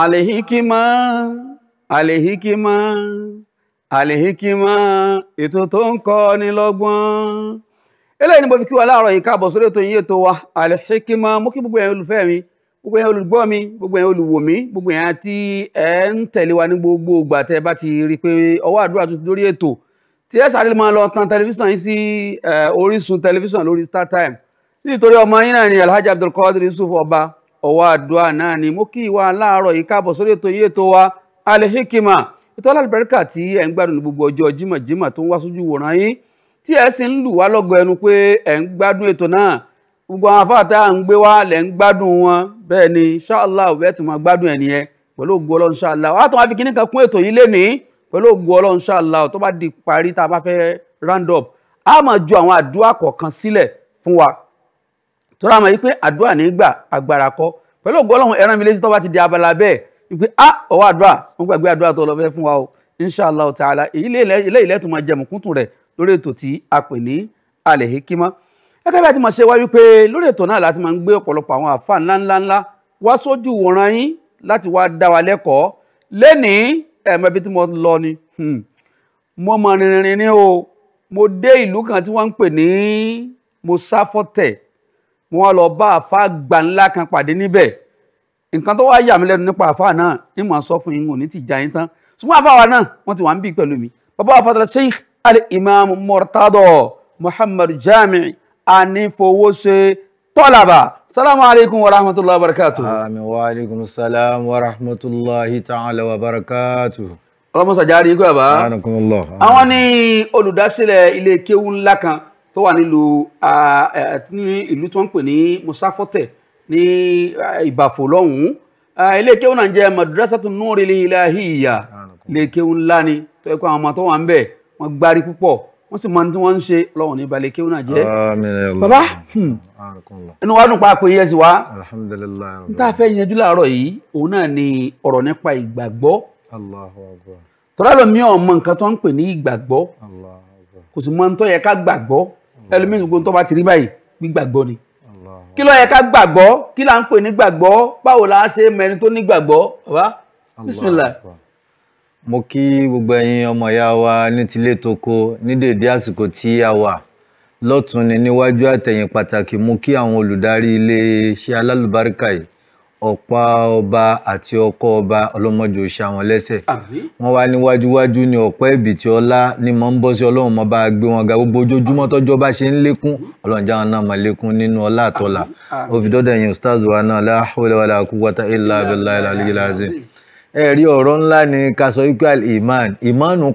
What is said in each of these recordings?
alihikima alihikima alihikima ètò tó ń kọ́ ni lọ́gbọ́n eléyìí ni mo fi kí wa láàárọ̀ yìí káàbọ̀ sórí ètò yìí ètò wa alihikima mo kí gbogbo ẹ̀yin olùfẹ́ mi gbogbo ẹ̀yin olùgbọ́ mi gbogbo ẹ̀yin olùwò mi gbogbo ẹ̀yin àti ẹ̀ ń tẹ̀lé wa ní gbogbo ìgbà tẹ́ bá ti rí pé ọwọ́ àdúrà tuntun lórí ètò tí ẹ sáré máa lọ tan tẹlifíṣàn yìí sí Orísun tẹlifíṣàn lórí Startimes nítorí ọmọ yín náà ni Alhaji Abdulkadir Yusuf Ọba ọwọ́ àdúrà náà ni mo kí ìwà aláàárọ̀ yìí káàbọ̀ sórí ètò yìí ètò wa alehikima ètò alábẹ̀rẹ̀kà tí ẹ̀ ń gbádùn ní gbogbo ọjọ́ jimajima tó ń wá sójú wòran yín tí ẹ̀ sì ń lù wá lọ́gọ̀ ẹnu pé ẹ̀ ń gbádùn ètò náà gbogbo àwọn afáàtà ń gbé wá lẹ̀ ń gbádùn wọn bẹ́ẹ̀ ni ṣáàlá òwe tí wọ́n gbádùn ẹ̀ nìyẹn pẹ̀lú ògùn ọlọ́run ṣáàlá wàá tó fi kíní kan kún ètò yìí lénìí pẹ̀lú ògùn ọlọ́run ṣáàlá tó bá di parí tá a bá fẹ́ round up a máa ju àwọn àdúrà kọ̀ọ̀kan sílẹ̀ fún wa tó rà mọ̀ yí pé àdúrà nígbà agbára kọ́ pẹ̀lú ògo ọlọ́run ẹran mi létí tó bá ti di abala bẹ́ẹ̀ wípé a ọwọ́ àdúrà wọ́n gbàgbé àdúrà tó lọ fẹ́ fún wa o inshallah ta'ala èyí ilé ilẹ̀ tó máa jẹmù kúntùn rẹ̀ lórí ètò tí a pè ní Al-Hikmat gẹ́gẹ́ bí a ti máa ṣe wá wípé lórí ètò náà láti máa ń gbé ọ̀pọ̀lọpọ̀ àwọn àfa ńláńláńlá wá sójú wòran yín láti wá dá wa lẹ́kọ̀ọ́ lẹ́nìí ẹ̀mọ́ ibi tí mo lọ ni hmm. mo mọ rìnrìn ní o mo dé ìlú kan tí wọ́n ń pè ní mosafọ́tẹ̀ mo wá lọ bá àfa gbà ńlá kan pàdé níbẹ̀ nǹkan tó wá yà mí lẹ́nu nípa àfa náà ni mò ń sọ fún yín òní ti jà yín tán ṣùgbọ́n àfa wa náà wọ́n ti wà ń bí pẹ̀lú mi bàbá wa fatara sheikh al-imam murtado muhammad jamiu anífowóṣe tọ́làbà salamu alaikum wa rahmatulahi wa barakatu. ami wa alaikum salam wa rahmatulahi ta'ala wa barakatu. ọlọmọsàjáde yìí kọ́ ẹ̀ bá. àwọn ni olùdásílẹ̀ ilé kéwú ńlá kan tó wà nílùú ní ìlú tó ń pè ní musafọtẹ ní ìbàfò lọ́hùn-ún iléekéwọ́n náà jẹ́ madrasatu nuril ilahiyya iléekéwọ́n ńlá ni tó yẹ kó àwọn ọmọ tó wà ń bẹ̀ wọ́n gbárí púpọ̀ wọ́n sì máa ń tí wọ́n ń ṣe lọ́wọ́n ní ìbàlẹ̀ kéwọ́n náà jẹ́ bàbá hmm. inú wa dùn pa àpò yẹn wa n tá fẹ́ yanjú láàárọ̀ yìí òun náà ni ọ̀rọ̀ nípa ìgbàgbọ́ tọ́lá lómi ọmọ nǹkan tó ń pè ní ìgbàgbọ́ kò sì mọ ń tó yẹ ká gbàgbọ́ ẹlòmíì gbogbo tó bá ti rí báyìí gbígbàgbọ́ ni kí ló yẹ ká gbàgbọ́ kí là ń pè ní gbàgbọ́ báwo la ṣe mẹni tó ní gbàgbọ́ bàbá bismillah. mo kí gbogbo ẹ̀yin ọmọ ìyá wa ní tilé toko ní dèdé àsìkò tí a wà lọ́tún ni níwájú àtẹ̀yìn pàtàkì mú kí àwọn olùdarí iléeṣẹ́ alálùbáríkà yìí ọ̀pá ọba àti ọkọ ọba ọlọ́mọjọ ṣá wọn lẹ́sẹ̀. wọ́n wá níwájúwájú ní ọ̀pá ẹ̀bìtì ọlá ní mọ̀ ń bọ́ sí ọlọ́run mọ́ bá a gbé wọn ga gbogbo ojoojúmọ́ tọ́jọ́ bá ṣe ń lékún ọlọ́run jáwọn náà máa lékún nínú ọlá àtọ́là ó dọ́dọ̀ ẹ̀yìn ustaz wa náà la hawla wala quwwata ni ká sọ ikú iman ìmánu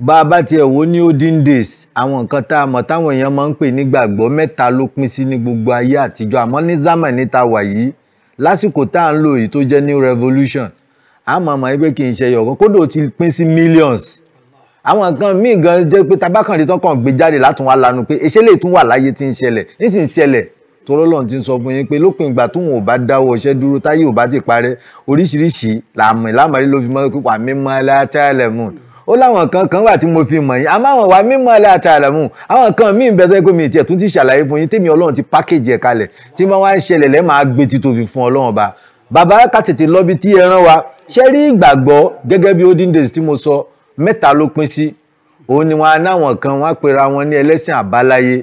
bá a bá tiẹ̀ wò ní olden days àwọn nǹkan tá a mọ̀ táwọn èèyàn máa ń pè nígbàgbọ́ mẹ́ta ló pín sí ní gbogbo ayé àtijọ́ àmọ́ ní zaman níta wà yìí lásìkò tá à ń lò yìí tó jẹ́ new revolution a mọ̀ mọ̀ pé kì í ṣe ẹyọ̀kan kódò ti pín sí millions àwọn nǹkan míì gan jẹ́ pé tabakànrí tán kàn gbé jáde látún wá lanu pé ìṣẹ̀lẹ̀ tún wà láyé tí ń ṣẹlẹ̀ nísìn ṣẹlẹ̀ tọ́lọ́lọ́n ti ń sọ fún yín pé lópin ìgbà tóun ò bá dáwọ́ iṣẹ́ dúró táyé ò bá ti parẹ́ oríṣiríṣi làmì lámàrí ló fi mọ́ pípa mímọ́ ẹlẹ́tẹ́lẹ̀ mùn ó láwọn kan kan wà tí mo fi mọ̀ yín àmọ́ àwọn wa mímọ́ ẹ̀ láti àlàmú àwọn kan míì bẹ́ẹ̀ sẹ́kọ̀ọ́ mi tiẹ̀ tún ti ṣàlàyé fún yín tèmi ọlọ́run ti pákéjì ẹ̀ kalẹ̀ tí wọ́n wá ń ṣẹlẹ̀ lẹ́ máa gbé títóbi fún ọlọ́run ọba bàbá ká tètè lọ́bi tí ẹran wa ṣé rí ìgbàgbọ́ gẹ́gẹ́ bí olden days tí mo sọ mẹ́ta ló pín sí òun ni wọn anáwọn kan wọn pera wọn ní ẹlẹ́sìn àbáláyé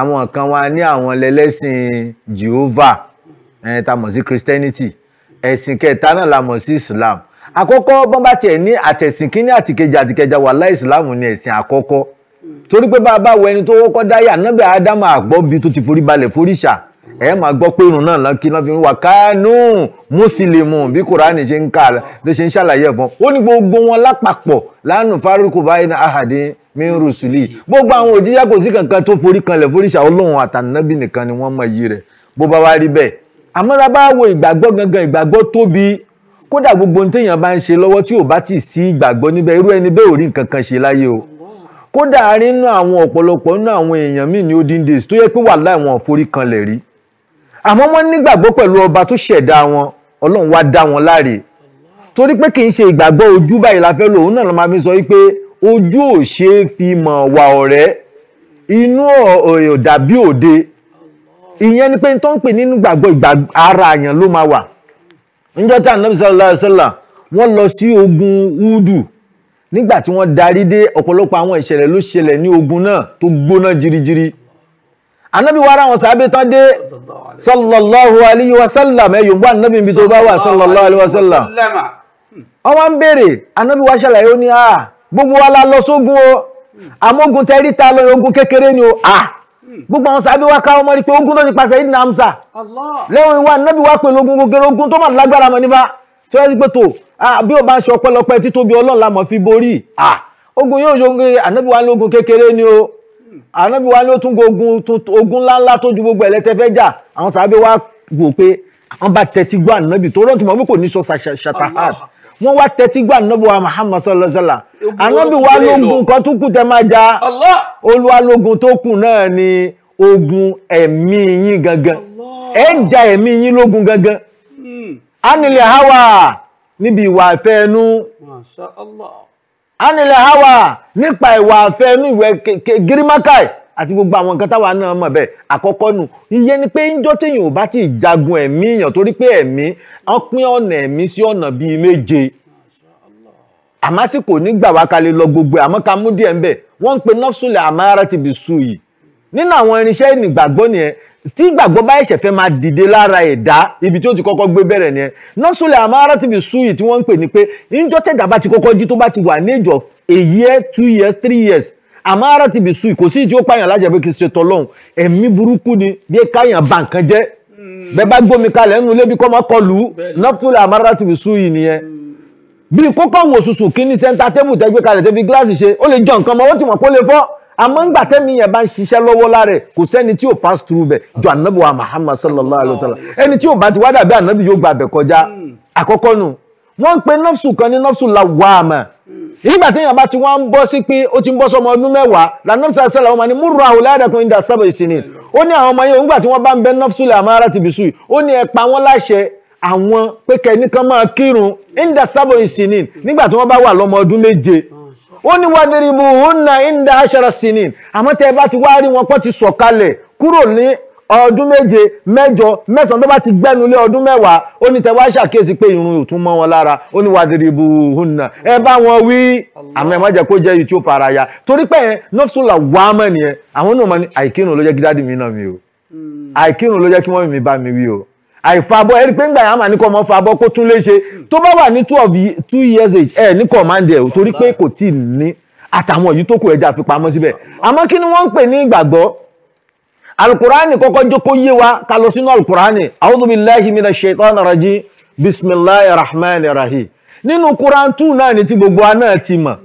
àwọn kan wọn ní àwọn lẹ́lẹ́sìn Jehovah ẹ̀ mọ̀ sí Christianity ẹ̀sìn kẹta náà la mọ̀ sí Islam àkọ́kọ́ bọ́n bá tiẹ̀ ní àtẹ̀sìn kínní àtìkejì àtìkẹjà wà láì ìsìláàmù ni ẹ̀sìn àkọ́kọ́ torí pé bàbá wo ẹni tó wọ́kọ́ dáyà nábì ádámù àgbọ́bi tó ti forí balẹ̀ foríṣà ẹ máa gbọ́ pé irun náà lọ́kí lọ́fi ń wà kánú mùsùlùmù bí kùránì ṣe ń kà ló ṣe ń ṣàlàyé ẹ̀fọn ó ní gbogbo wọn lápapọ̀ lánàá fáríkù báyìí ní ahàdé mírùsùlì gbogbo àwọn òjíṣẹ́ kò sí kankan tó forí kanlẹ̀ foríṣà ọlọ́run àtànábì nìkan ni wọ́n mọ iyì rẹ̀ bó bá wá rí bẹ́ẹ̀ àmọ́ tá bá wo ìgbàgbọ́ gangan ìgbàgbọ́ tóbi kódà gbogbo ohun téèyàn bá ń ṣe lọ́wọ́ tí ò bá tì sí ìgbàgbọ́ níbẹ̀ irú ẹni bẹ́ẹ̀ ò rí nǹkan kan ṣe láyé o kódà rí nínú àwọn ọ̀pọ̀lọpọ̀ nínú àwọn èèyàn míì ní olden days tó yẹ pé wàláhì wọn forí kanlẹ̀ rí àmọ́ wọ́n nígbàgbọ́ pẹ̀lú ọba tó ṣẹ̀dá wọn ọlọ́run wá dá wọn láre torí pé kì í ṣe ìgbàgbọ́ ojú báyìí la fẹ́ lò òun náà ló máa fi sọ wípé ojú ò ṣe é fi mọ̀ wà ọ̀rẹ́ inú ọ̀dàbí òde ìyẹn ni pé tó ń pè nínú gbàgbọ́ ara àyàn ló máa wà níjọ́ tá ànábì sallallahu alaihi wọ́n lọ sí ogun Udu nígbà tí wọ́n darí dé ọ̀pọ̀lọpọ̀ àwọn ìṣẹ̀lẹ̀ ló ṣẹlẹ̀ ní ogun náà tó gbóná jirijiri ànábì wa ara wọn sábẹ́ tán dé sallallahu alaihi wasallam ẹ̀ yorùbá ànábì ibi tó bá wà sallallahu alaihi wasallam wọ́n wá ń béèrè ànábì wa ṣàlàyé ó ní à ah, gbogbo wa la lọ sógun o àmógun tẹ́rí ta lọ ogun kékeré ni o à ah, gbogbo àwọn sàbí wa káwọn mọ́rí pé ogun tó ti pàṣẹ ìdìnnà amsa lẹ́wọ̀n ìwà nábì wá pẹ̀lú ogun gògèrè ogun tó mà lágbára mọ̀ nípa tí wọ́n ti pé tó bí o bá ń ṣe ọpẹ́lọpẹ́ títóbi ọlọ́run la mọ̀ fi borí ogun yóò ṣe ogun ànábì wa ní ogun kékeré ni o ànábì wa ní o tún ogun ogun ńláńlá tó ju gbogbo ẹ̀lẹ́tẹ̀ fẹ́ jà àwọn sàbí wa wò pé àwọn bá tẹ́tí gbọ́ ànábì tó rántí mọ́ wípé kò ní sọ ṣàtàhàtì wọ́n wá tẹ́tí gbà nọ́bù wa Muhammad sallallahu alaihi wasallam ànábì wa lógun kan tó kù tẹ́ máa jà olúwa lógun tó kù náà ni ogun ẹ̀mí yín gangan ẹ̀ ń ja ẹ̀mí yín lógun gangan anilẹ̀ hmm. hawa níbi ìwà ìfẹ́ ẹnu hawa nípa ìwà ìfẹ́ ẹnu gírímákàì àti gbogbo àwọn nǹkan táwa náà mọ̀ bẹ́ẹ̀ àkọ́kọ́ nu iye ni pé ńjọ́ téèyàn ò bá ti jagun ẹ̀mí èèyàn torí pé ẹ̀mí wọ́n pín ọ̀nà ẹ̀mí sí ọ̀nà bíi méje àmọ́ sì kò ní gbà wá kalẹ̀ lọ gbogbo àmọ́ ká mú díẹ̀ ńbẹ̀ wọ́n ń pe nọ́fṣúlẹ̀ àmàrà ti bì sùn yìí nínú àwọn irinṣẹ́ ìgbàgbọ́ nìyẹn tí ìgbàgbọ́ bá ẹ̀ṣẹ̀ fẹ́ máa dìde lára ẹ̀dá ibi tí ó ti kọ́kọ́ gbé bẹ̀rẹ̀ nìyẹn nọ́sùlẹ̀ àmàrà ti bì sùn yìí tí wọ́n ń pè ní pé ńjọ́ tẹ̀dá bá ti kọ́kọ́ jí tó bá ti wà ní age of a year two years three years àmàrà ti bì sùn kò sí tí ó pààyàn lájẹ pé kì í ṣe tọlọ́hún ẹ̀mí burúkú ni bí káyàn bà nǹkan jẹ́ bẹ́ẹ̀ bá gbómi kalẹ̀ nínú ilé bí kọ́ máa kọlù nọ́fúlà àmàrà ti bì sùn yìí nìyẹn bí kókó wò sùsù kí ni sẹ́ńtà tébù tẹ́gbẹ́ kalẹ̀ tẹ́fi gíláàsì ṣe ó lè jọ nǹkan mọ́ ó ti mọ̀ kó lè fọ́ àmọ́ ń gbà tẹ́mi yẹn bá ń ṣiṣẹ́ lọ́wọ́ láre kò sẹ́ni tí ò pass through bẹ̀ ju ànábì wa Muhammad sallallahu alayhi wa sallam ẹni tí ò bá ti wá dàbí ànábì yóò gbà bẹ̀ kọjá hmm. àkọ́kọ́ nù wọ́n ń pe nọ́fṣù kan ní nọ́fṣù làwàmà nígbà tí èèyàn bá ti wá ń bọ́ sí pé ó ti ń bọ́ sọmọ ọdún mẹ́wàá lànàfṣà sẹ́là wọn ni múrò àwòládàkùn ìdá sábà ìsinmi ó ní àwọn ọmọ yẹn nígbà tí wọ́n bá ń bẹ nọ́fṣù lè àmàrà ti bìsù ó ní ẹ pa wọ́n láṣẹ àwọn pé kẹ́ni kan máa kírun ìdá sábà ìsinmi nígbà tí wọ́n bá wà lọ́mọ ọdún méje ó ní wá déribu òun náà ìdá aṣara sinin àmọ́ tẹ́ ẹ bá ti wá rí wọn pọ́ ti sọ̀kalẹ̀ kúrò ní ọdún méje mẹ́jọ mẹ́sàn-án tó bá ti gbẹ́nulé ọdún mẹ́wàá ó ní tẹwàá ṣàkíyèsí pé irun ò tún mọ́ wọn lára ó ní wàdìrìbù hùnà ẹ bá wọn wí àmọ́ ẹ má jẹ́ kó jẹ́ yìí tí ó fara ya torí pé ẹ nọ́fṣúlà wà á mọ̀ nìyẹn àwọn náà máa àìkírun ló jẹ́ kí dáàdì mi náà mi o hmm. àìkírun ló jẹ́ kí wọ́n mi bá mi wí o àìfabọ́ ẹ̀rí pé ńgbà yàrá mà ní kọ́ ọmọ fabọ́ kó tún léṣe tó bá wà ní two years age ẹ̀ ní command ẹ̀ torí pé kò tí ì ní àtàwọn yìí tó kù ẹja alukurani kọ́kọ́ jókòó yé wa ká lọ sínú alukurani a'udhu billahi minash shaitani rajim bisimilahi rahmani rahim nínú quran two náà ni ti gbogbo wa náà ti mọ̀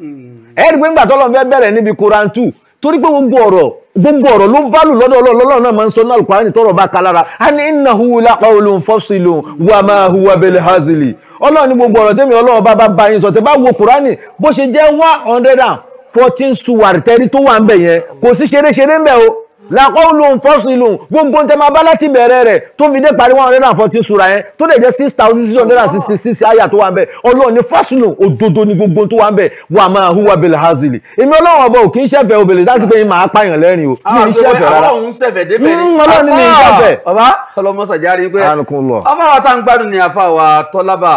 ẹ rí i pé ńgbà tó lọ́n fẹ́ bẹ̀rẹ̀ níbi quran two torí pé gbogbo ọ̀rọ̀ gbogbo ọ̀rọ̀ ló válù lọ́dọ̀ ọlọ́run náà máa ń sọ náà alukurani tọrọ bá kalára a ní innahu laqawlun faslun wa huwa bil hazili ọlọ́run ní gbogbo ọ̀rọ̀ tẹ́mi ọlọ́run bá bá yín sọ tẹ́ bá wo kurani bó ṣe jẹ́ one hundred and fourteen suwari tẹ́rí tó wà ń bẹ̀ yẹn kò sí ṣeré ṣeré ń bẹ̀ o làkọ́ọ̀lù fọ́sílù gbogbo ń tẹ́ máa bá láti bẹ̀rẹ̀ rẹ̀ tó fi dé parí one hundred and fourteen sura yẹn tó lè jẹ́ six thousand six hundred and sixty six àyà tó wà ń bẹ̀ ọlọ́run ní fọ́sílù òdodo ni gbogbo tó wà ń bẹ̀ wà máa hùwà bẹ̀lẹ̀ hazili èmi ọlọ́run ọba ò kì í ṣẹ̀fẹ̀ obìnrin láti pé máa pààyàn lẹ́rìn o mi ì ṣẹ̀fẹ̀ rárá mm, ọlọ́run ní ìṣẹ̀fẹ̀. bàbá ọlọmọ sàjárí pé afáwa tá ń gbádùn ní afáwa tọ́lábà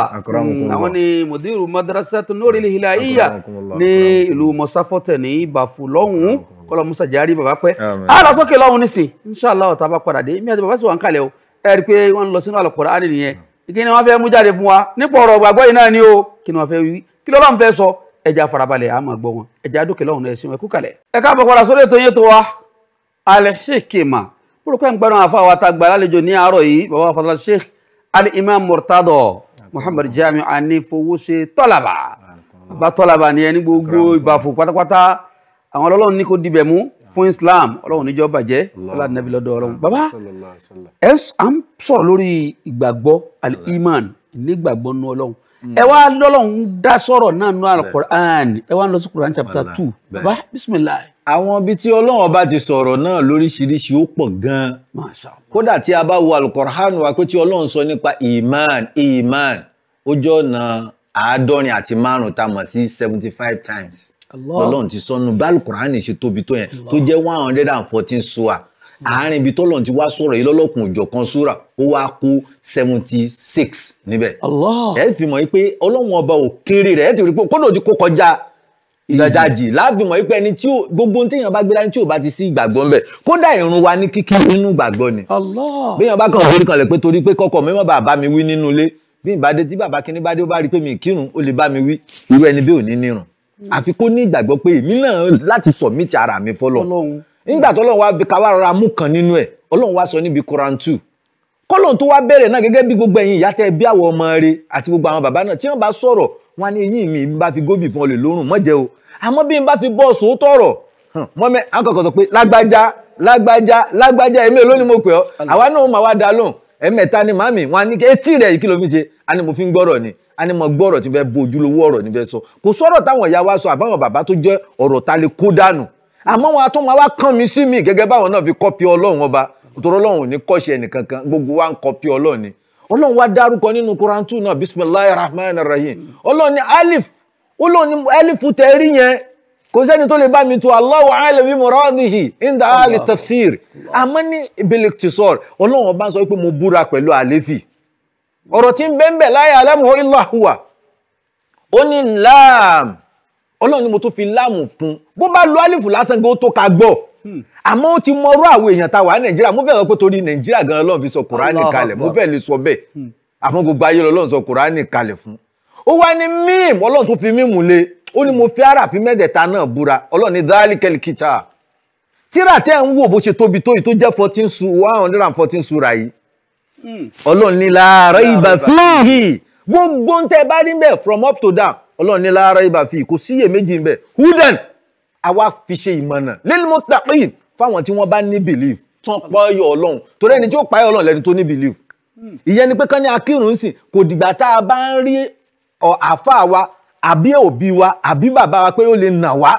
àwọn ni mùdírù madrasatu Nuril Hilaiya ní ìlú mọ̀sáfọ́tẹ̀ ní ìbàfù lọ́hùn-ún kọ́lọ́ musa jari bàbá pẹ́ á lọ sókè lọ́hùn nísìn inṣàlá ọ̀tá bá padà dé mi àti bàbá sì wà ń kalẹ̀ o ẹ rí i pé wọ́n ń lọ sínú Al-Qur'ani nìyẹn kí ni wọ́n fẹ́ mú jáde fún wa nípa ọ̀rọ̀ gbàgbọ́ yìí náà ni o kí ni wọ́n fẹ́ wí kí lọ́lọ́run fẹ́ sọ ẹja farabalẹ̀ a máa gbọ́ wọn ẹja dókè lọ́hùn ẹ̀sìn ẹ̀kú kalẹ̀. ẹ káàbọ̀ padà sórí ètò yìí tó wa Al-Hikima púrọ̀pẹ́ ń gbẹ́rùn àfa wa ta gbà lálejò ní àárọ̀ yìí bàbá fatala Sheikh Al-Imam Murtada Muhammad Jamiu Anifowose Tọ́làbà bàbá Tọ́làbà ni ẹni gbogbo ìbàfò pátápátá àwọn ọlọ́run ní kó dibẹ̀ mú fún Islam ọlọ́run níjọ́ bàjẹ́ ọlọ́dúnẹ́bí lọ́dọ̀ ọlọ́run bàbá ẹ à ń sọ̀rọ̀ lórí ìgbàgbọ́ al-iman nígbàgbọ́ nú ọlọ́run hmm. ẹ wá lọ́lọ́run dá sọ̀rọ̀ náà nú al-Qur'an ẹ wá lọ sí Qur'an chapter two bàbá bismillah. àwọn ibi tí ọlọ́run ọba ti sọ̀rọ̀ náà lóríṣiríṣi ó pọ̀ gan-an kódà tí a bá wo al-Qur'an wa pé tí ọlọ́run sọ nípa iman iman ó jọ́ ọ̀nà àádọ́rin àti márùn-ún tá mọ̀ sí seventy five times lọ́lọ́run ti sọ́nu báàlù kùránì ṣe tóbi tó yẹn tó jẹ́ one hundred and fourteen sura hmm. àárín ibi tọ́lọ́run ti wá sọ̀rọ̀ yìí lọ́lọ́kùn òjọ̀ kan sura ó wá kú seventy six níbẹ̀ ẹ fi mọ̀ pé ọlọ́run ọba ò kéré rẹ̀ ẹ ti rí pé kódò ti kó kọjá ìdajì láàfin mọ̀ wípé ẹni tí ó gbogbo ohun téèyàn bá gbé dání tí ò bá ti sí ìgbàgbọ́ ńbẹ kódà ìrun wa ní kíkí nínú ìgbàgbọ́ ni. béèyàn bá kàn lórí kan lè pé torí pé kọkọ mi mọ̀ bàbá mi wí nínú ilé bí ìbádé tí bàbá kíní bá dé ó bá rí i pé mi kírun ó lè bá mi wí irú ẹni bí ò ní nírun àfi kó ní ìgbàgbọ́ pé èmi náà láti submit ara mi fọlọ́ nígbà tó Ọlọ́run wá fi káwá rọra mú kan nínú ẹ̀ Ọlọ́run wá sọ níbi Quran two kọ́lọ́n tó wá bẹ̀rẹ̀ náà gẹ́gẹ́ bí gbogbo ẹ̀yin ìyá tẹ́ bí àwọn ọmọ rẹ àti gbogbo àwọn bàbá náà tí wọ́n bá sọ̀rọ̀ wọn ní eyín mi bá fi gómìn fún ọlẹ̀ lórùn mọ́jẹ́ o àmọ́ bí n bá fi bọ́ sòótọ́ ọ̀rọ̀ mọ́mẹ́ akọ̀kọ̀ sọ pé lágbájá lágbájá mo pè ọ́ àwa náà máa wá dá ni màmí wọn ní etí rẹ̀ kí ló fi ṣe a ní mo fi ni animo gbọ́rọ̀ tí fẹ́ bójúlówó ọ̀rọ̀ ní fẹ́ sọ kò sọ̀rọ̀ táwọn ìyá wa sọ àbáwọn bàbá tó jẹ́ ọ̀rọ̀ ta lè kó dànù àmọ́ wọn atún máa wá kàn mí sí mi gẹ́gẹ́ báwọn náà fi kọ́pì ọlọ́run ọba tòrọ ọlọ́run ní kọ́ṣe ẹnìkankan gbogbo wa ń kọ́pì ọlọ́run ni ọlọ́run wá dárúkọ nínú kurantú náà bisimilayi rahman rahim ọlọ́run alif ọlọ́run ni alifu tẹ rí yẹn kò sẹ́ni ọ̀rọ̀ tí ń bẹ́ńbẹ̀ la ya'lamuhu inú huwa ó ní láàm ọlọ́run ni mo tún fi láàmù fún bó bá lásán gbé tó ka gbọ́ hmm. àmọ́ ó ti mọrú àwọn èèyàn tá a wà nàìjíríà mo fẹ́ sọ pé nàìjíríà gan sọ kùránì kalẹ̀ mo fẹ́ lè sọ bẹ́ẹ̀ hmm. àmọ́ gbogbo ayé sọ kùránì kalẹ̀ fún ó wá ní ọlọ́run tún fi le ó ní mo fi mẹ́tẹ̀ẹ̀ta náà búra ọlọ́run ọlọ́run ní láàárọ̀ ìbà fíì gbogbo ń tẹ́ bá rí bẹ́ẹ̀ from up to down ọlọ́run ní láàárọ̀ ìbà fíì kò síyè méjì bẹ́ẹ̀ hudan àwa fi ṣe ìmọ̀nà lilmuttaqin fáwọn tí wọ́n bá ní belief tán pọ́yọ̀ ọlọ́run torí ẹni tí ó pààyọ̀ ọlọ́run lẹ́ni tó ní belief ìyẹn ni pé kán ní akírun sìn kò dìgbà tá a bá ń rí àáfàá wa àbí òbí wa àbí bàbá wa pé ó lè nà wá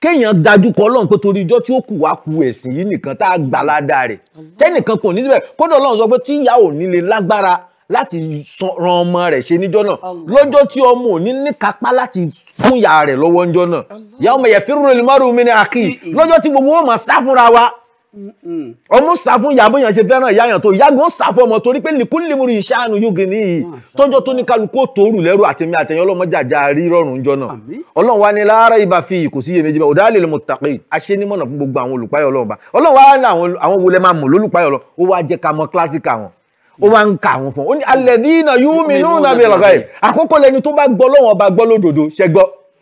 kéèyàn dájú kọ Ọlọ́run pé torí ijọ́ tí ó kù wá ku ẹ̀sìn yìí nìkan tá a gbà ládàá rẹ̀ tẹ́nìkan kò ní síbẹ̀ kódà Ọlọ́run sọ pé tí ìyá ò ní lè lágbára láti ran ọmọ rẹ̀ ṣe níjọ́ náà lọ́jọ́ tí ọmọ ò ní níkápá láti fún ìyá rẹ̀ lọ́wọ́ níjọ́ náà ìyá ọmọ yẹn fírúrẹ́lì márùn-ún mi ní akí lọ́jọ́ tí gbogbo wọn máa sá fúnra wa ọmọ sá fún ìyá bóyá ṣe fẹ́ràn ìyá yàn tó ìyá gan sá fún ọmọ torí pé nìkú lèmúrú ìṣàánú yóge níyì tọ́jọ́ tó ní kálukú òtòrù lẹ́rù àtẹ̀mí àtẹ̀yìn ọlọ́mọ jàjà rí rọrùn jọ náà ọlọ́run wa ní lára ibà fi kò sí iyèméjì bá ọ̀dà lè lọ́mọ tàpé àṣẹ nímọ̀nà fún gbogbo àwọn olùpáyọ̀ ọlọ́run bá ọlọ́run wa ní àwọn wo lẹ máa mọ̀ lólùpáyọ̀ ọlọ́run ó wá jẹ́ ká mọ̀ kílásíkà wọn ó wá ń ka àwọn fún un ó ní alladhina yu'minuna bil ghaib àkókò lẹni tó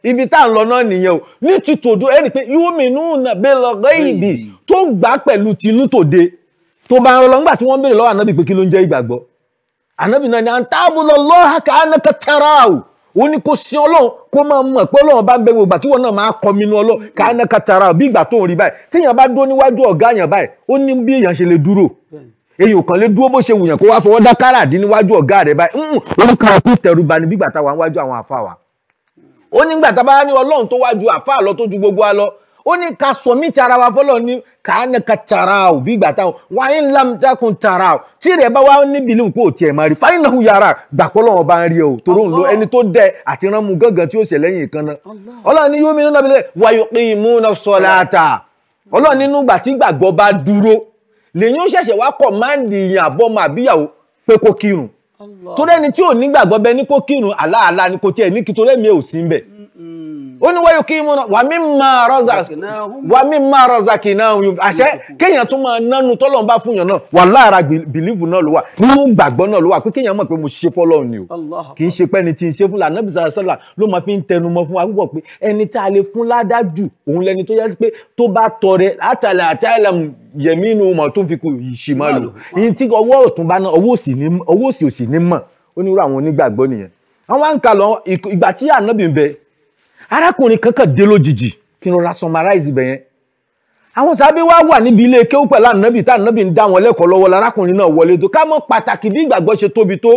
ibi tá à ń lọ náà nìyẹn o ní ti tòdo pé yúmi nùnà bẹ́ẹ̀ lọ rẹ́ tó gbà pẹ̀lú tinú tòde tó bá ń tí wọ́n béèrè lọ́wọ́ ànábì pé kí ló ń jẹ́ ìgbàgbọ́ ànábì náà ni à ń táàbù lọ lọ́ha ká ànákà tara o ó ní kó sin ọlọ́run kó máa mọ̀ pé ọlọ́run bá ń bẹ gbogbo àkíwọ́ náà máa kọ́ minú ọlọ́run ká ànákà tara o bí ìgbà tó ń rí báyìí tíyàn bá dúró níwájú ọ̀gá yàn báyìí ó ní bí èèyàn ṣe lè dúró èèyàn kàn lè dúró bó ṣe wùyàn kó wá fọwọ́ dá kárà dín níwájú ọ̀gá rẹ̀ báyìí ó ń kàrà kó tẹ̀rù bani bí ìgbà táwa níwájú àwọn àfa wa ó nígbà tá a bá ní ọlọ́run tó wá ju àfáà lọ tó ju gbogbo wa lọ ó ní ká sọmí tara wa fọlọ́ ní kàánà ka tara ò bí gbàtà ò wáyé ńlá takùn tara ò tí rẹ̀ bá wá níbi ìlú kó tiẹ̀ máa rí fáyín náà yàrá gbàpọ̀ lọ́wọ́ bá ń rí o torí òun lo ẹni tó dẹ àti ránmu gángan tí ó ṣe lẹ́yìn ìkànnà ọlọ́run ní yómi nínú abilẹ̀ wáyé qimuna salata ọlọ́run nínú gbà tí gbàgbọ́ bá dúró lèyìn ó ṣẹ̀ṣẹ̀ wá kọ̀ máa ń dìyàn àbọ̀mọ̀ pé kó kírun torí ẹni tí ò nígbàgbọ́ bẹ ní kó kírun àláàlá ni kò tiẹ̀ ní kí torí ẹ̀mí ò sí ń bẹ̀ ó ní wáyé kí mú náà wà mí máa rọ́zà wà mí máa rọ́zà kì náà yóò àṣẹ kéèyàn tún máa nánu tọ́lọ́run bá fún yàn náà wà lára bìlíìfù náà ló wà nínú gbàgbọ́ náà ló wà pé kéèyàn mọ̀ pé mo ṣe fọ́lọ́run ni o kì í ṣe pé ẹni tí ń ṣe fún lànà bìsà sọ́là ló máa fi ń tẹnu mọ́ fún wa púpọ̀ pé ẹni tá a lè fún ládájú òun lẹni tó yẹ sí pé tó bá tọrẹ látàlẹ àtàlẹ yẹmínú mọ̀ tó fi kù ìṣìmọ́lò ìyìn arákùnrin kankan dé lójijì kí n rọra summarize ibẹ̀ yẹn àwọn sábẹ́ wá wà níbi ilé kéwú pẹ̀lú ànábì tá ànábì ń dá wọn lẹ́kọ̀ọ́ lọ́wọ́ lárákùnrin náà wọlé tó ká mọ̀ pàtàkì bí ìgbàgbọ́ ṣe tóbi tó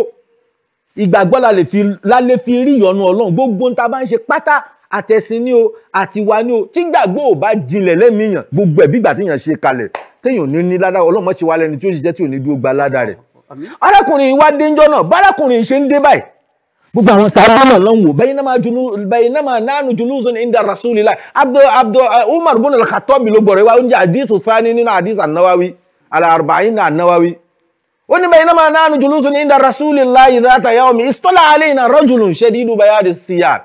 ìgbàgbọ́ la lè fi la lè fi rí ìyọ́nú ọlọ́run gbogbo ń ta bá ń ṣe pátá àtẹ̀sìn ni o àtiwá ni o tí gbàgbọ́ ò bá jinlẹ̀ lẹ́mìíyàn gbogbo ẹ̀ bí ìgbà tíyàn ṣe kalẹ̀ téèyàn ní ní ládàá ọlọ́run mọ̀ ṣe wá lẹ́ni tí ó ṣiṣẹ́ tí ò ní dúró gba ládàá rẹ̀ arákùnrin wa déńjọ́ náà bárákùnrin ṣe ń dé báyìí بعوض سلام الله بينما جلو بينما نحن جلوس عند رسول الله عبد عبد عمر بن الخطاب بلغوري وانجا حديث ثاني نين حديث النووي على أربعين النووي وني بينما نحن جلوس عند رسول الله ذات يوم استلى علينا رجل شديد بياض السيار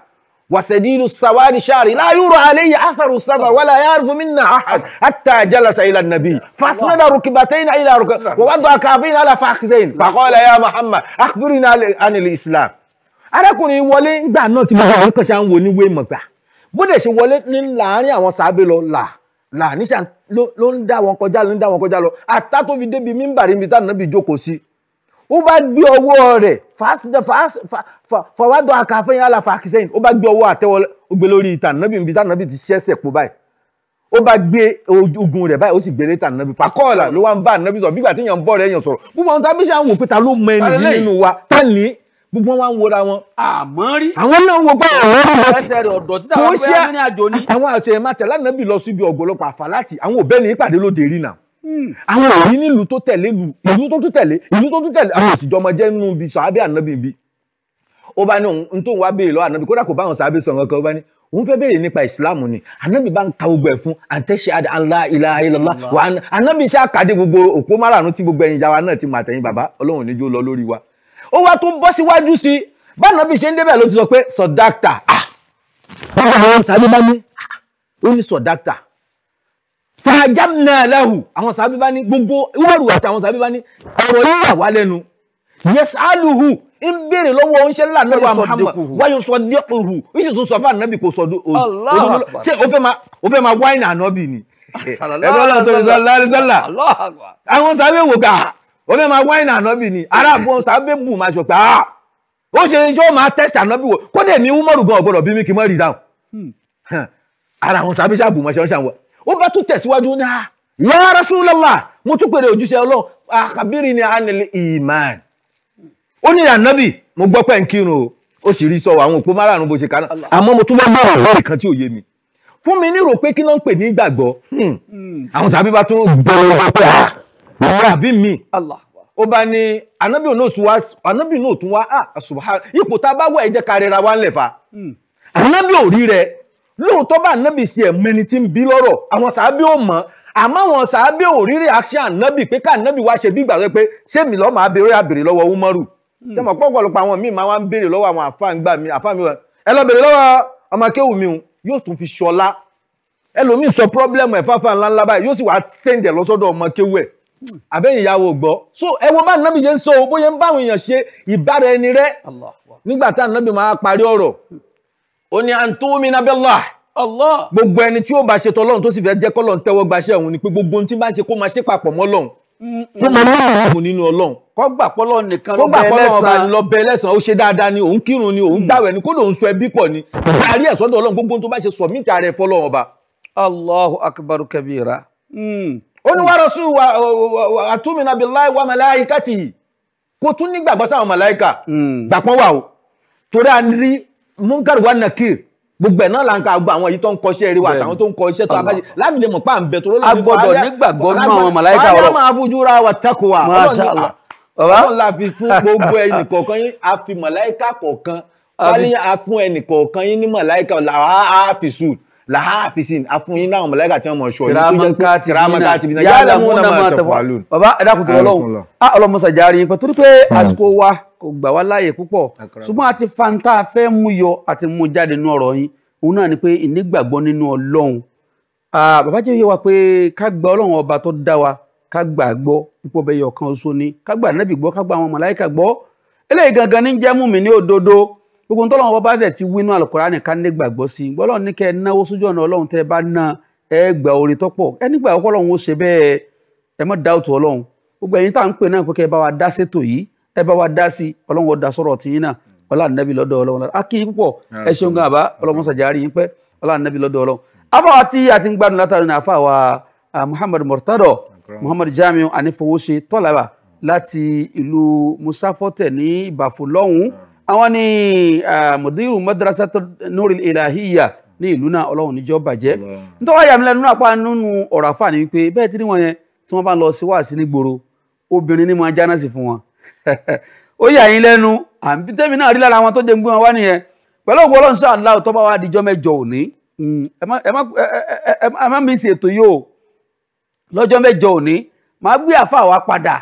وسديد السواد شعري لا يرى علي اثر السفر ولا يعرف منا احد حتى جلس الى النبي فاسند ركبتين الى ركبتين ووضع كافين على فخذين فقال يا محمد اخبرنا عن الاسلام arákùnrin wọlé gbà náà tí bàbá wọn kàn ṣá ń wo níwé mọ̀gbà bó dẹ̀ ṣe wọlé ní láàárín àwọn sàábé lọ là là níṣà ló ń dá wọn kọjá ló ń dá wọn kọjá lọ àtà tó fi débi mímbàrí mi tá nàbí jókòó sí ó bá gbé ọwọ́ rẹ̀ fàwádọ́ akàfẹ́yìn aláfa akísẹ́yìn ó bá gbé ọwọ́ àtẹ́wọ́ gbé lórí ìtànàbí mi tá nàbí ti ṣẹ́sẹ̀ pọ̀ báyìí ó bá gbé ogun rẹ̀ báyìí ó sì gbélé tànàbí pàkọ́ọ̀là ló wá ń bá ànàbí sọ̀rọ̀ bí ìgbà tí èèyàn ń bọ̀ rẹ̀ èèyàn sọ̀rọ̀ gbogbo àwọn sábẹ́sẹ̀ àwọn òpìta ló mọ ẹni nínú wa tán ní gbogbo wọn wá ń wora wọn. àmọ́ rí. àwọn náà wo gbọ́ ọ̀rọ̀ rẹ̀ lọ́tì. ẹsẹ̀ rẹ̀ ọ̀dọ̀ títà wọn fẹ́ rẹ́ ní àjò ni. àwọn àṣeyẹ máa tẹ̀lé ànábì lọ síbi ọ̀gọ̀lọpọ̀ àfàlátì àwọn òbẹ́ ní ìpàdé lóde rí nà. Hmm. àwọn òbí nílùú tó tẹ̀lé lu ìlú tó tún tẹ̀lé ìlú tó tún tẹ̀lé àwọn òsìjọ́ ọmọ jẹ́ nínú ibi sàábẹ́ ànábì bi. ó bá ní ohun tó ń wá béèrè lọ òun fẹ́ béèrè nípa ìsìláàmù ni ànábì bá ń ka gbogbo ẹ̀ fún àtẹ̀ṣe àlá ilà ilàlá ànábì ṣe àkàdé gbogbo òpó márààrún tí gbogbo ẹ̀yin ìyá wa náà ti mọ àtẹ̀yìn bàbá ọlọ́run níjó lọ lórí wa ó wá tún bọ́ síwájú sí i báwọn bí ṣe ń débẹ̀ ló ti sọ pé sọ̀dáktà ah! àwọn sàbí bá ní ó ní sọ̀dáktà fàájàmùnà aláhù àwọn sàbí bá ní gbogbo Umaru àtàwọn sàbí bá ní ọ̀rọ̀ yìí wà wá lẹ́nu yẹsàálùhù ń béèrè lọ́wọ́ oúnjẹ ńlá lọ́wọ́ Muhammad wáyé sọdíọ̀hù ìṣètò tó sọ fún ànábì kò sọdún òdòdó ṣé o fẹ́ máa wáìnì ànábì ni ẹ̀rọ ọlọ́run tó ń sọ lálẹ́sọ́là àwọn sàbí wò ká ó fẹ́ máa wáìnì ànábì ni aráàbò sábẹ́ bù máa sọ pé ah ó ṣe ṣé ó máa tẹ́sí ànábì wò mi èmi Umaru gan ọ̀gbọ́dọ̀ bí mi kì í mọ́ rí dáhùn hmm. ara àwọn sábẹ́ ṣàbù máa ṣe wọ́n ṣàwọ̀ ó bá tún tẹ̀síwájú ní ah ya Rasulullah mo tún pèrè òjúṣe ọlọ́run àkàbírì ni anil iman ó ní ànábì mo gbọ́ pẹ́ ń kírun o ó sì rí sọ àwọn òpó márààrún bó ṣe kaná àmọ́ mo tún hmm. Hmm. bá bá ọ̀rọ̀ kan ọ̀rọ̀ àbí mi. ó bá ní anábì náà tún wá anábì náà tún wá ah, subhan ipò tá a bá wà ẹ jẹ́ ká rẹra wá ńlẹ̀ fa anábì hmm. ò rí rẹ lóòótọ́ bá anábì sí ẹ̀ mẹni tí ń bí lọ́rọ̀ àwọn sàábì ò mọ̀ àmọ́ àwọn sàábì ò rí reaction anábì pé ká anábì wá ṣe bí ìgbà pé ṣé mi lọ́ọ́ máa béèrè àbèrè lọ́wọ́ Umaru hmm. ṣé mo pọ́ ọ̀pọ̀lọpọ̀ àwọn míì máa ń béèrè lọ́wọ́ àwọn àfáà ń gbà wa àfáà mi wà ẹ lọ béèrè lọ́wọ́ ọmọ akéwù mi yóò tún fi ṣọlá ẹlòmíì sọ problem ẹ̀ fáfáà ńláńlá báyìí yóò sì wá sẹ́ǹdẹ̀ lọ́sọ́dọ̀ ọmọ akéwù ẹ̀ àbẹ́yìn ìyàwó gbọ́ so ẹ wo bá nàbì ṣe ń sọ bóyá ń bá ịbara èèyàn ṣe ìbára ẹni rẹ nígbà tá nàbì máa parí ọ̀rọ̀ ó ní àǹtómi gbogbo ẹni tí ó bá ṣe tọ́lọ́run tó sì fẹ jẹ kọ́lọ́run tẹwọ gbaṣẹ́ òun ni pé gbogbo ohun tí bá ń ṣe kó máa ṣe papọ̀ mọ́ lọ́hùn fún nínú kó gbà pọ́lọ́ nìkan ó ní wàá rọ́sùn àtúmìnà wa malaikatihi kó tún ní gbàgbọ́ sáwọn màláìka hmm. gbàpọ́n wà o torí a rí munkar wa nakir gbogbo ẹ̀ náà là ń ka gbogbo àwọn èyí tó ń kọ iṣẹ́ eré wa àtàwọn tó ń kọ iṣẹ́ tó abájẹ́ láti lè mọ̀ pa à tó ló lè nígbàgbọ́ nínú àwọn màláìka ọ̀rọ̀ máa fojú ra wa takuwa ah, ọlọ́run la fi fún gbogbo ẹnì kọ̀ọ̀kan yín a fi màláìka kọ̀ọ̀kan wálé a fún ẹnì kọ̀ọ̀kan yín ní màláìka làwọn á fi sùn làáfíìsìn àfúnyín láwọn mọ̀lẹ́kà tí wọ́n mọ̀ ṣọ yìí tó jẹ́ pé tìrámọ́tà ti bìnà yálẹ̀ mú náà máa tẹ̀fọ́ àlùn. bàbá ẹ dákun tó lọ́wọ́ a ọlọmọsà járe yín pé torí pé àsìkò wa kò gbà wá láàyè púpọ̀ ṣùgbọ́n a ti fa nta fẹ́ mú yọ àti mú jáde nínú ọ̀rọ̀ yín òun náà ni pé ìnígbàgbọ́ nínú ọlọ́run bàbá jẹ́ yé wa pé ká gba ọlọ́run ipò bẹ́yọ̀ kan oṣù ni ká gba nẹ́bì gbọ́ ká àwọn màláìkà gbọ́ eléyìí gangan ní jẹ́ mi ní òdodo gbogbo ohun tọ́lọ́wọ́n bá dẹ̀ ti wínú àlùkùránì ká ní gbàgbọ́ sí i gbọ́dọ̀ ní kẹ́ ẹ náwó sójú ọ̀nà ọlọ́run tẹ́ ẹ bá ná ẹ gbà orí tọ́pọ̀ ẹ nígbà ọkọ ọlọ́run ó ṣe bẹ́ẹ̀ ẹ mọ́ dáùtù ọlọ́run gbogbo ẹ̀yin tá à ń pè náà pé kẹ́ ẹ bá wa dá sétò yìí ẹ bá wa dá sí ọlọ́run ó dá sọ̀rọ̀ tìyín náà ọlọ́run akíyín lọ́dọ̀ ọlọ́run muhammad murtado muhammad jamiu anifowóṣe tọ́làbà láti ìlú musafọ́tẹ̀ ní ìbàfọ̀ lọ́hùn-ún àwọn ni mudiru madrasatu nuril ilahiyya ní ìlú náà ọlọ́run níjọ́ bàjẹ́ nítorí àyàmì lẹ́nu náà pa nínú ọ̀rọ̀ àfà ni wípé bẹ́ẹ̀ tí wọ́n yẹn tí wọ́n bá lọ sí wàásí ní gbòòrò obìnrin ni máa jáná sí fún wọn ó yà yín lẹ́nu àbí tẹ́mi náà rí lára wọn tó jẹ́ ń gbé wọn wá nìyẹn pẹ̀lú ògùn ọlọ́run sọ àlá tó bá wá dijọ́ mẹ́jọ òní mm, ẹ má mi sì ètò yìí o òní màá gbé àfà wa padà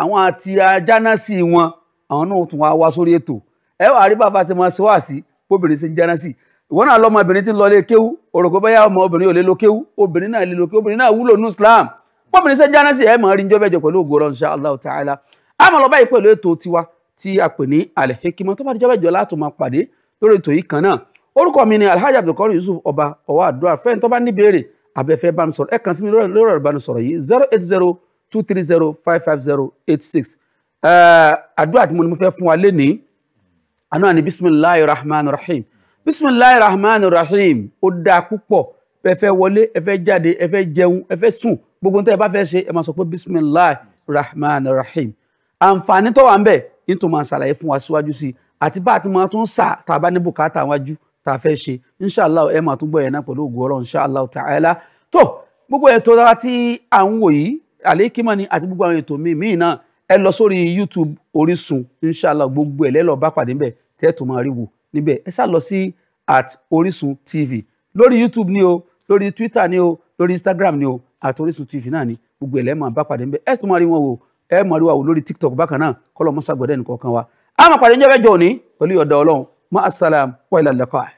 àwọn àti ajánásì wọn àwọn náà tún wá wá sórí ètò ẹ wà rí bàbá ti máa ṣọwọ́ àsí bóbìnrin ṣe ń jẹ́rán sí ìwọ náà lọ́mọbìnrin ti ń lọlé kéwú òròkó bẹ́yà ọmọ obìnrin ò lè lo kéwú obìnrin náà lè lo kéwú obìnrin náà wúlò ní Islam bóbìnrin ṣe ń jẹ́rán sí ẹ mọ̀ rí njọ́bẹ̀jọ pẹ̀lú ògo ọ̀rọ̀ insha Allah ta'ala a máa lọ báyìí pẹ̀lú ètò tiwa tí a pè ní Al-Hikmat tó bá di jọ́bẹ̀jọ láti máa pàdé lórí ètò yìí kan náà orúkọ mi ni Alhaji Abdulkadir Yusuf ọba ọwọ́ àdúrà fẹ́ni tó bá ní béèrè abẹ́fẹ́ bá mi sọ̀rọ̀ ẹ kàn sí mi lórí ọ̀rọ̀ ìbánisọ̀rọ̀ yìí zero eight zero two three zero five five zero eight six àdúrà tí mo ní mo fẹ́ fún wa lénìí àná ni bisimilahi rahman rahim bisimilahi rahman rahim ó dáa púpọ̀ ẹ fẹ́ wọlé ẹ fẹ́ jáde ẹ fẹ́ jẹun ẹ fẹ́ sùn gbogbo nǹkan ẹ bá fẹ́ ṣe ẹ máa sọ pé bisimilahi rahman rahim àǹfààní tó wà ń bẹ ní tó máa ṣàlàyé fún wa síwájú sí i àti bá a ti máa tún sà tá a bá ní bùkátà wájú tá a fẹ́ ṣe inṣàlá ẹ máa tún gbọ́ yẹn náà pẹ̀lú ògùn ọlọ́run inṣàlá ta'ala tó gbogbo ètò tí à ń wò yìí àlékímọ́ ni àti gbogbo àwọn ètò míì míì náà ẹ lọ sórí YouTube Orísun inshallah gbogbo ẹ̀ lẹ́lọ́ bá pàdé ńbẹ̀ tẹ́ ẹ̀ tó máa rí wò níbẹ̀ ẹ sá lọ sí at Orísun TV lórí YouTube ni o lórí Twitter ni o lórí Instagram ni o at Orísun TV náà ni gbogbo ẹ̀ lẹ́ẹ̀ máa bá pàdé ńbẹ̀ ẹ̀ tó máa rí wọn wò ẹ̀ máa rí wa wò lórí TikTok bákan náà kọ́lọ́ mọ́sàgbọ́dẹ́ nìkan kan wa. a máa pàdé ń jẹ́ bẹ́ẹ̀ jọ òní pẹ̀lú ọ̀dọ̀ Ọlọ́run